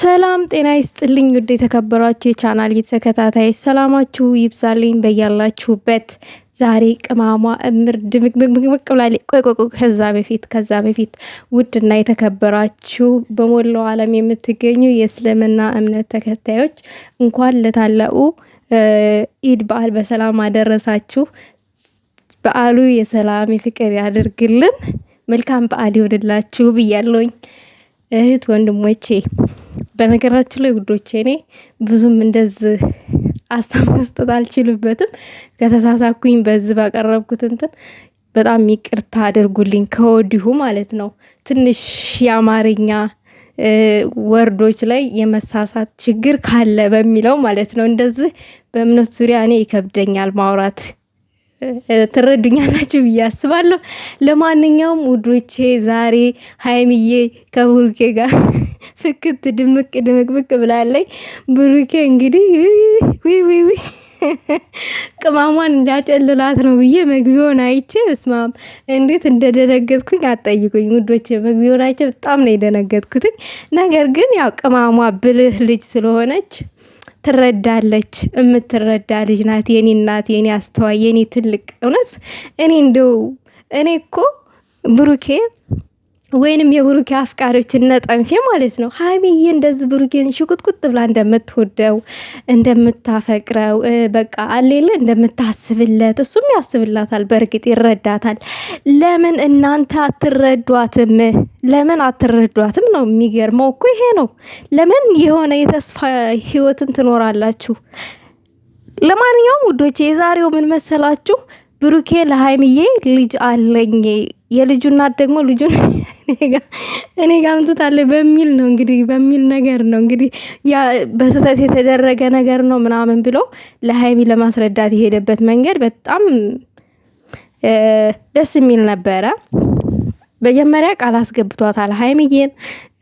ሰላም ጤና ይስጥልኝ ውድ የተከበራችሁ የቻናል የተከታታይ ሰላማችሁ ይብዛልኝ በያላችሁበት። ዛሬ ቅማሟ እምር ድምቅምቅምቅ ብላለች። ቆይ ቆይ ቆይ ከዛ በፊት ከዛ በፊት ውድና የተከበራችሁ በሞላው ዓለም የምትገኙ የእስልምና እምነት ተከታዮች እንኳን ለታላቁ ኢድ በዓል በሰላም አደረሳችሁ። በዓሉ የሰላም የፍቅር ያድርግልን። መልካም በዓል ይሆንላችሁ ብያለሁኝ እህት ወንድሞቼ በነገራችን ላይ ውዶቼ እኔ ብዙም እንደዚህ አሳብ መስጠት አልችልበትም። ከተሳሳኩኝ በዚህ ባቀረብኩት እንትን በጣም ይቅርታ አድርጉልኝ ከወዲሁ ማለት ነው። ትንሽ የአማርኛ ወርዶች ላይ የመሳሳት ችግር ካለ በሚለው ማለት ነው። እንደዚህ በእምነት ዙሪያ እኔ ይከብደኛል ማውራት ትረዱኛላችሁ ብዬ አስባለሁ። ለማንኛውም ውዶቼ ዛሬ ሀይምዬ ከቡርኬ ጋር ፍክት ድምቅ ድምቅብቅ ብላለኝ። ብሩኬ እንግዲህ ዊዊዊ ቅማሟን እንዳጨልላት ነው ብዬ መግቢያውን አይቼ እስማም እንዴት እንደደነገጥኩኝ አጠይቁኝ ውዶች። መግቢያውን አይቼ በጣም ነው የደነገጥኩትኝ። ነገር ግን ያው ቅማሟ ብልህ ልጅ ስለሆነች ትረዳለች። የምትረዳ ልጅ ናት። የኔ እናት፣ የኔ አስተዋይ፣ የኔ ትልቅ እውነት እኔ እንደው እኔ እኮ ብሩኬ ወይንም የብሩኬ አፍቃሪዎች እነ ጠንፌ ማለት ነው። ሀይሚዬ እንደዚህ ብሩኬን ሽቁጥቁጥ ብላ እንደምትወደው እንደምታፈቅረው በቃ አሌለ እንደምታስብለት እሱም ያስብላታል። በእርግጥ ይረዳታል። ለምን እናንተ አትረዷትም? ለምን አትረዷትም ነው የሚገርመው እኮ ይሄ ነው። ለምን የሆነ የተስፋ ህይወትን ትኖራላችሁ? ለማንኛውም ውዶቼ የዛሬው ምን መሰላችሁ? ብሩኬ ለሀይምዬ ልጅ አለኝ የልጁ እናት ደግሞ ልጁን እኔ ጋ አምጥታለች በሚል ነው እንግዲህ በሚል ነገር ነው እንግዲህ ያ በስህተት የተደረገ ነገር ነው ምናምን ብሎ ለሀይሚ ለማስረዳት የሄደበት መንገድ በጣም ደስ የሚል ነበረ። መጀመሪያ ቃል አስገብቷታል ሀይሚዬን።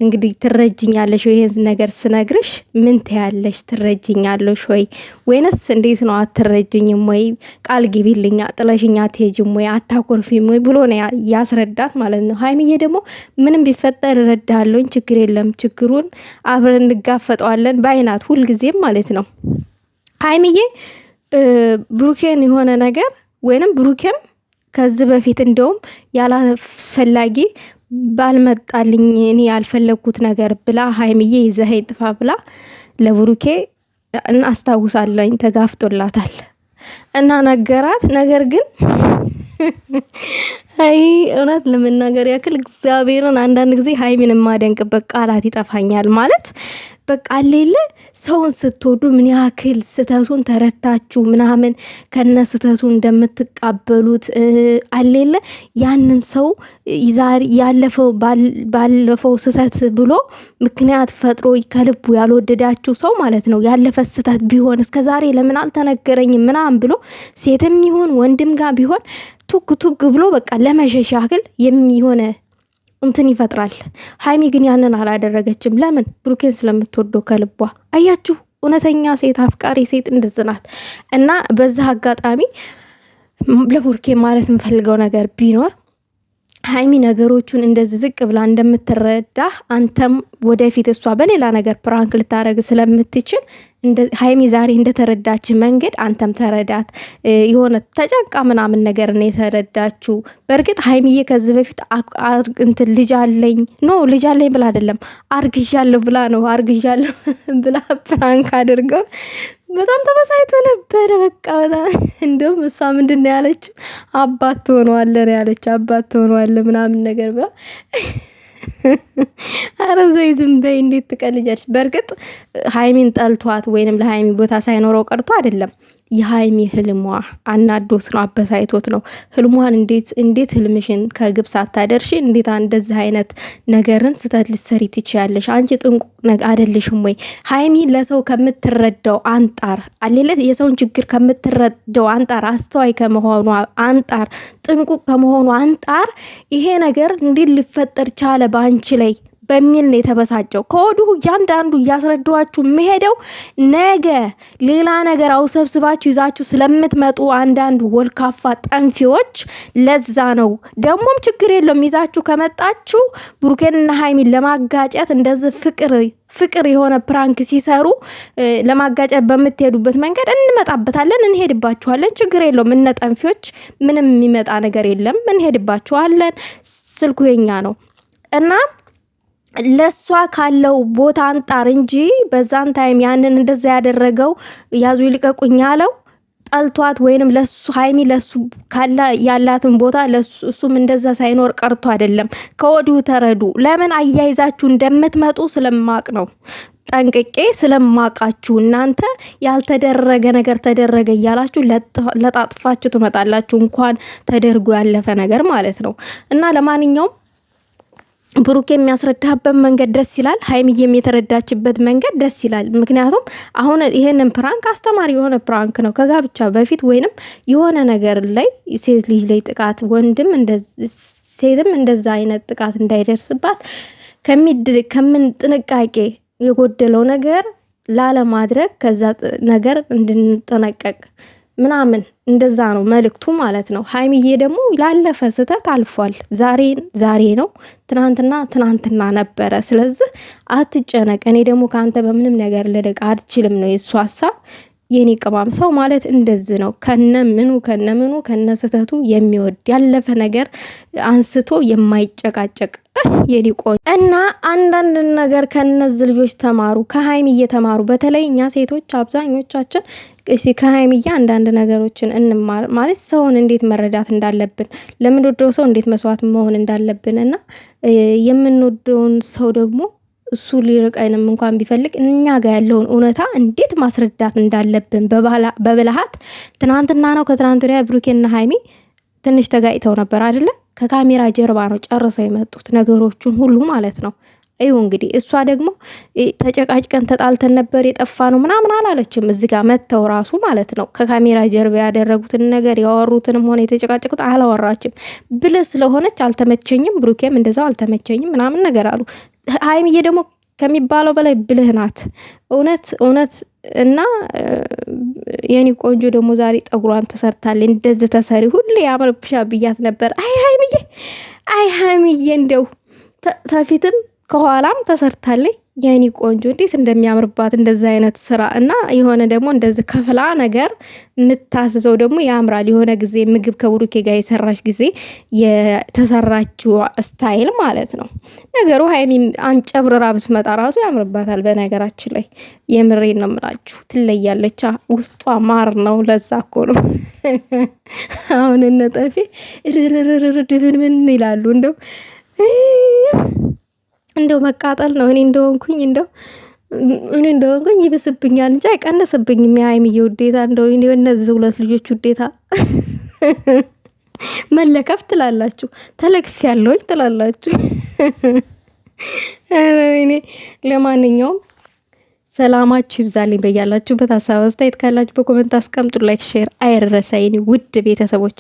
እንግዲህ ትረጅኛለሽ ወይ ይህን ነገር ስነግርሽ ምን ትያለሽ? ትረጅኛለሽ ወይ ወይንስ እንዴት ነው? አትረጅኝም ወይ ቃል ግቢልኛ ጥለሽኛ አትሄጂም ወይ አታኮርፊም ወይ ብሎ ነው ያስረዳት ማለት ነው። ሀይሚዬ ደግሞ ምንም ቢፈጠር እረዳለሁኝ፣ ችግር የለም፣ ችግሩን አብረን እንጋፈጠዋለን በአይናት ሁልጊዜም ማለት ነው። ሀይሚዬ ብሩኬን የሆነ ነገር ወይንም ብሩኬም ከዚህ በፊት እንደውም ያላስፈላጊ ባልመጣልኝ እኔ ያልፈለግኩት ነገር ብላ ሀይምዬ ይዘኸኝ ጥፋ ብላ ለብሩኬ እናስታውሳለኝ ተጋፍጦላታል እና ነገራት። ነገር ግን አይ እውነት ለመናገር ያክል እግዚአብሔርን አንዳንድ ጊዜ ሀይሚን የማደንቅበት ቃላት ይጠፋኛል ማለት በቃ አሌለ ሰውን ስትወዱ ምን ያክል ስህተቱን ተረድታችሁ ምናምን ከነ ስህተቱ እንደምትቃበሉት አሌለ ያንን ሰው ያለፈው ባለፈው ስህተት ብሎ ምክንያት ፈጥሮ ከልቡ ያልወደዳችሁ ሰው ማለት ነው። ያለፈ ስህተት ቢሆን እስከ ዛሬ ለምን አልተነገረኝም ምናምን ብሎ ሴትም ይሁን ወንድም ጋር ቢሆን ቱግ ቱግ ብሎ በቃ ለመሸሻክል የሚሆነ እንትን ይፈጥራል። ሀይሚ ግን ያንን አላደረገችም። ለምን? ብሩኬን ስለምትወደው ከልቧ። አያችሁ፣ እውነተኛ ሴት አፍቃሪ ሴት እንደዚህ ናት። እና በዚህ አጋጣሚ ለብሩኬን ማለት የምፈልገው ነገር ቢኖር ሀይሚ ነገሮቹን እንደዚህ ዝቅ ብላ እንደምትረዳ አንተም ወደፊት እሷ በሌላ ነገር ፕራንክ ልታደረግ ስለምትችል ሀይሚ ዛሬ እንደተረዳች መንገድ አንተም ተረዳት። የሆነ ተጨንቃ ምናምን ነገር ነው የተረዳችው። በእርግጥ ሀይሚዬ ከዚህ በፊት እንትን ልጅ አለኝ ኖ ልጅ አለኝ ብላ አይደለም አርግዣለሁ ብላ ነው አርግዣለሁ ብላ ፕራንክ አድርገው በጣም ተበሳይቶ ነበረ። በቃ በጣም እንደውም እሷ ምንድን ነው ያለችው? አባት ትሆነዋለህ ነው ያለችው። አባት ትሆነዋለህ ምናምን ነገር ብላ አረ ዘይ ዝም በይ፣ እንዴት ትቀልጃለሽ? በእርግጥ ሀይሚን ጠልቷት ወይንም ለሀይሚ ቦታ ሳይኖረው ቀርቶ አይደለም። የሀይሚ ህልሟ አናዶት ነው፣ አበሳይቶት ነው። ህልሟን እንዴት እንዴት ህልምሽን ከግብ ሳታደርሺ እንዴት እንደዚህ አይነት ነገርን ስተት ልትሰሪ ትችያለሽ? አንቺ ጥንቁ አደልሽም ወይ? ሀይሚ ለሰው ከምትረዳው አንጣር አሌለት የሰውን ችግር ከምትረዳው አንጣር አስተዋይ ከመሆኑ አንጣር ጥንቁ ከመሆኑ አንጣር ይሄ ነገር እንዴት ሊፈጠር ቻለ በአንቺ ላይ በሚል ነው የተበሳጨው። ከወዲሁ እያንዳንዱ እያስረዷችሁ የሚሄደው ነገ ሌላ ነገር አውሰብስባችሁ ይዛችሁ ስለምትመጡ አንዳንድ ወልካፋ ጠንፊዎች፣ ለዛ ነው ደግሞም ችግር የለውም ይዛችሁ ከመጣችሁ ብሩኬንና ሀይሚን ለማጋጨት እንደዚህ ፍቅር ፍቅር የሆነ ፕራንክ ሲሰሩ ለማጋጨት በምትሄዱበት መንገድ እንመጣበታለን፣ እንሄድባችኋለን። ችግር የለውም እነ ጠንፊዎች፣ ምንም የሚመጣ ነገር የለም። እንሄድባችኋለን። ስልኩ የኛ ነው እና ለእሷ ካለው ቦታ አንጣር እንጂ በዛን ታይም ያንን እንደዛ ያደረገው ያዙ ይልቀቁኝ ያለው ጠልቷት ወይንም ለሱ ሀይሚ ለሱ ካላ ያላትን ቦታ እሱም እንደዛ ሳይኖር ቀርቶ አይደለም። ከወዲሁ ተረዱ። ለምን አያይዛችሁ እንደምትመጡ ስለማቅ ነው ጠንቅቄ ስለማቃችሁ እናንተ ያልተደረገ ነገር ተደረገ እያላችሁ ለጣጥፋችሁ ትመጣላችሁ። እንኳን ተደርጎ ያለፈ ነገር ማለት ነው እና ለማንኛውም ብሩክ የሚያስረዳበት መንገድ ደስ ይላል። ሀይሚዬም የተረዳችበት መንገድ ደስ ይላል። ምክንያቱም አሁን ይህንን ፕራንክ አስተማሪ የሆነ ፕራንክ ነው። ከጋብቻ በፊት ወይንም የሆነ ነገር ላይ ሴት ልጅ ላይ ጥቃት ወንድም ሴትም እንደዛ አይነት ጥቃት እንዳይደርስባት ከምን ጥንቃቄ የጎደለው ነገር ላለማድረግ ከዛ ነገር እንድንጠነቀቅ ምናምን እንደዛ ነው መልእክቱ ማለት ነው። ሀይሚዬ ደግሞ ላለፈ ስህተት አልፏል። ዛሬን ዛሬ ነው፣ ትናንትና ትናንትና ነበረ። ስለዚህ አትጨነቅ። እኔ ደግሞ ከአንተ በምንም ነገር ልርቅ አልችልም ነው የእሱ ሀሳብ። የኔ ቅባም ሰው ማለት እንደዚህ ነው። ከነ ምኑ ከነ ምኑ ከነ ስህተቱ የሚወድ ያለፈ ነገር አንስቶ የማይጨቃጨቅ የኔ እና አንዳንድ ነገር ከነዚህ ልጆች ተማሩ፣ ከሀይም እየተማሩ በተለይ እኛ ሴቶች አብዛኞቻችን ከሀይሚዬ አንዳንድ ነገሮችን እንማር ማለት ሰውን እንዴት መረዳት እንዳለብን ለምንወደው ሰው እንዴት መስዋዕት መሆን እንዳለብን እና የምንወደውን ሰው ደግሞ እሱ አይንም እንኳን ቢፈልግ እኛ ጋር ያለውን እውነታ እንዴት ማስረዳት እንዳለብን በብልሃት ትናንትና ነው ከትናንት ወዲያ ብሩኬና ሀይሚ ትንሽ ተጋጭተው ነበር አይደለ? ከካሜራ ጀርባ ነው ጨርሰው የመጡት ነገሮቹን ሁሉ ማለት ነው። እዩ እንግዲህ እሷ ደግሞ ተጨቃጭቀን ተጣልተን ነበር የጠፋ ነው ምናምን አላለችም። እዚህ ጋር መጥተው ራሱ ማለት ነው ከካሜራ ጀርባ ያደረጉትን ነገር ያወሩትንም ሆነ የተጨቃጨቁት አላወራችም። ብለ ስለሆነች አልተመቸኝም፣ ብሩኬም እንደዛው አልተመቸኝም ምናምን ነገር አሉ። ሀይምዬ ደግሞ ከሚባለው በላይ ብልህ ናት። እውነት እውነት እና የኔ ቆንጆ ደግሞ ዛሬ ጠጉሯን ተሰርታለች። እንደዚህ ተሰሪ ሁሌ ያምርብሻ ብያት ነበር። አይ ሀይምዬ፣ አይ ሀይምዬ እንደው ተፊትም ከኋላም ተሰርታለኝ። የኔ ቆንጆ እንዴት እንደሚያምርባት እንደዚህ አይነት ስራ እና የሆነ ደግሞ እንደዚ ከፍላ ነገር የምታስዘው ደግሞ ያምራል። የሆነ ጊዜ ምግብ ከብሩኬ ጋር የሰራች ጊዜ የተሰራችው ስታይል ማለት ነው። ነገሩ ሀይሚ አንጨብርራ ብትመጣ ራሱ ያምርባታል። በነገራችን ላይ የምሬን ነው የምላችሁ፣ ትለያለች። ውስጧ ማር ነው። ለዛ እኮ ነው አሁን እነ ምን ይላሉ እንደው እንደው መቃጠል ነው። እኔ እንደሆንኩኝ እንደው እኔ እንደሆንኩኝ ይብስብኛል እንጂ አይቀነስብኝም። የሀይሚዬ ውዴታ እንደው እነዚህ ሁለት ልጆች ውዴታ መለከፍ ትላላችሁ፣ ተለክፍ ያለውኝ ትላላችሁ። እኔ ለማንኛውም ሰላማችሁ ይብዛልኝ። በያላችሁበት ሀሳብ አስተያየት ካላችሁ በኮመንት አስቀምጡ። ላይክ ሼር አይረሳ የኔ ውድ ቤተሰቦች።